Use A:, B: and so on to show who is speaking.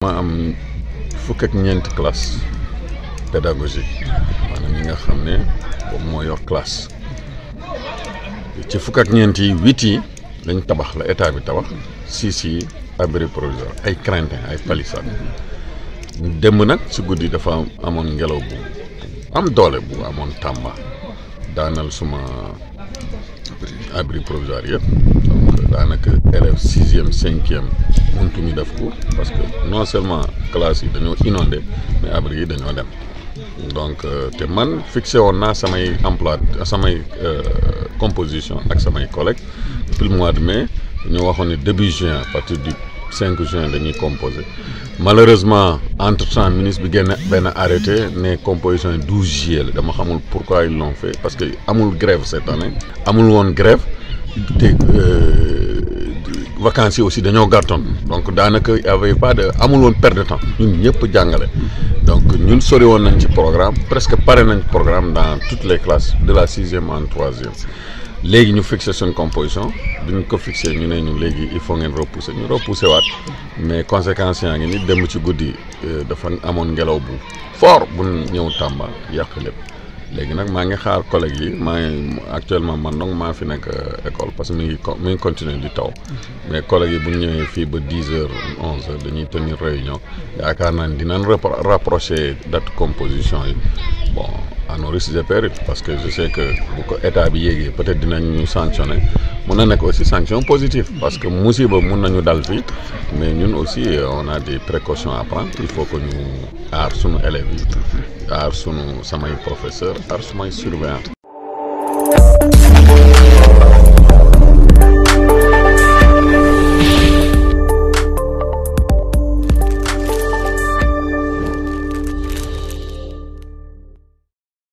A: ma am fukk ak ñent classe pédagogique manam ñi nga xamné ne boobu yor classe ci fukk ak ñent yi huit yi lañ tabax la état bi tabax six abri provisoire ay crainte ay palissade démb nak ci amon dafa amone ngelaw bu am doole bu amone tamba daanal suma abri provisoire daanaka élèves 5e, mëntuñu def cours parce que non seulement la classe est inondée mais abri est dañoo donc euh, te man fixé une samay emploi samay euh, composition ak samay collègues depuis le mois de mai ñu avons début juin à partir du 5 juin dañuy composé malheureusement entre temps le ministre a arrêté la composition de 12 juillet dama xamul pourquoi ils l'ont fait parce qu'il que amul grève cette année il amul une grève de euh, vacances aussi dañoo garton donc il y avait pas de amul won perte de temps ñun ñëpp jàngale donc ñun sori won nañ ci programme presque paré nañ programme dans toutes les classes de la sixième en troisième légui ñu fixer son composition bi ñu ko fixer ñu ne ñu légui il faut ngeen repousser ñu repousser waat mais conséquences yaa ngi ni dem ci guddi euh, dafa amone ngelaw bu fort bu ñëw Tamba yak lepp léegi nag maa ngi xaar collègue yi maa actuellement man donc maa fi nekk euh, école parce que mi ngi mi ngi continuer di taw mais collègues yi bu ñu ñëwee fii ba 10 heures 11 heures dañuy tenir réunion yaakaar naa dinañ rapprocher date composition yi bon à nos risques et périls parce que je sais que bu ko état bi yéegee peut-être dinañ ñu sanctionner mun na nekk aussi sanction positive parce que musiba mun nañu dal fii mais ñun aussi euh, on a des précautions à prendre il faut que ñu aar sunu élèves yi ar sunt, nu s-a mai profesor, ar sunt mai surveant.